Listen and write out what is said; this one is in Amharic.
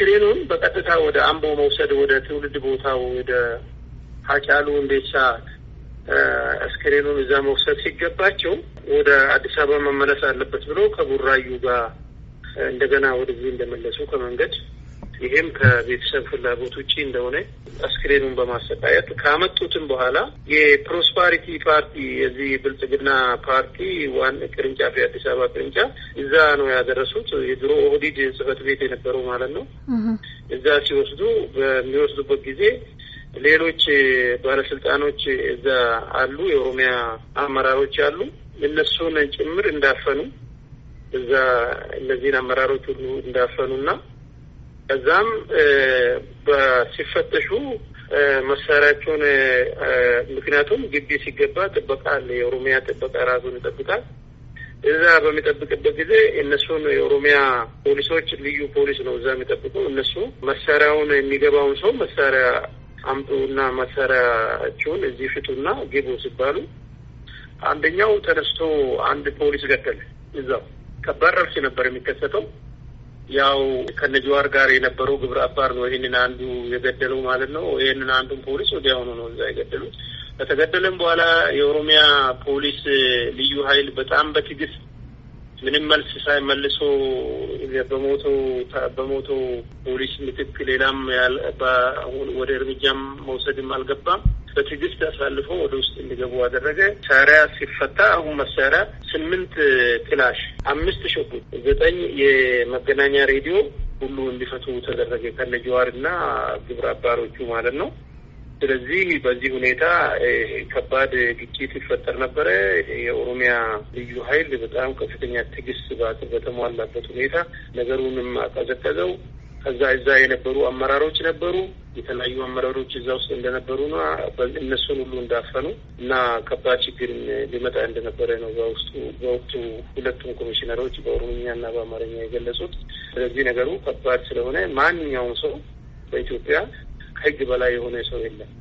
አስክሬኑን በቀጥታ ወደ አምቦ መውሰድ ወደ ትውልድ ቦታው ወደ ሀጫሉ እንዴሳ አስክሬኑን እዛ መውሰድ ሲገባቸው ወደ አዲስ አበባ መመለስ አለበት ብሎ ከቡራዩ ጋር እንደገና ወደዚህ እንደመለሱ ከመንገድ ይሄም ከቤተሰብ ፍላጎት ውጪ እንደሆነ አስክሬኑን በማሰቃየት ካመጡትም በኋላ የፕሮስፓሪቲ ፓርቲ የዚህ ብልጽግና ፓርቲ ዋን ቅርንጫፍ የአዲስ አበባ ቅርንጫፍ እዛ ነው ያደረሱት። የድሮ ኦህዲድ ጽህፈት ቤት የነበረው ማለት ነው። እዛ ሲወስዱ በሚወስዱበት ጊዜ ሌሎች ባለስልጣኖች እዛ አሉ፣ የኦሮሚያ አመራሮች አሉ። እነሱን ጭምር እንዳፈኑ እዛ እነዚህን አመራሮች ሁሉ እንዳፈኑና ከዛም ሲፈተሹ መሳሪያቸውን ምክንያቱም ግቢ ሲገባ ጥበቃ አለ። የኦሮሚያ ጥበቃ ራሱን ይጠብቃል። እዛ በሚጠብቅበት ጊዜ እነሱን የኦሮሚያ ፖሊሶች ልዩ ፖሊስ ነው እዛ የሚጠብቁ እነሱ መሳሪያውን የሚገባውን ሰው መሳሪያ አምጡና መሳሪያቸውን እዚህ ፍቱና ግቡ ሲባሉ አንደኛው ተነስቶ አንድ ፖሊስ ገደለ። እዛው ከባድ ረብሽ ነበር የሚከሰተው። ያው ከነጅዋር ጋር የነበረው ግብረ አባር ነው ይህንን አንዱ የገደለው ማለት ነው። ይህንን አንዱን ፖሊስ ወዲያውኑ ነው እዛ የገደሉት። ከተገደለም በኋላ የኦሮሚያ ፖሊስ ልዩ ኃይል በጣም በትዕግስት ምንም መልስ ሳይመልሶ በሞቶ በሞቶ ፖሊስ ምትክ ሌላም ወደ እርምጃም መውሰድም አልገባም። በትዕግስት አሳልፎ ወደ ውስጥ እንዲገቡ አደረገ። መሳሪያ ሲፈታ አሁን መሳሪያ ስምንት ክላሽ አምስት ሺ ዘጠኝ የመገናኛ ሬዲዮ ሁሉ እንዲፈቱ ተደረገ ከነ ጀዋር እና ግብረ አባሮቹ ማለት ነው። ስለዚህ በዚህ ሁኔታ ከባድ ግጭት ይፈጠር ነበረ። የኦሮሚያ ልዩ ኃይል በጣም ከፍተኛ ትዕግስት በተሟላበት ሁኔታ ነገሩንም አቀዘቀዘው። ከዛ እዛ የነበሩ አመራሮች ነበሩ። የተለያዩ አመራሮች እዛ ውስጥ እንደነበሩ ና እነሱን ሁሉ እንዳፈኑ እና ከባድ ችግር ሊመጣ እንደነበረ ነው በውስጡ በወቅቱ ሁለቱም ኮሚሽነሮች በኦሮምኛ ና በአማርኛ የገለጹት። ስለዚህ ነገሩ ከባድ ስለሆነ ማንኛውም ሰው በኢትዮጵያ ከህግ በላይ የሆነ ሰው የለም።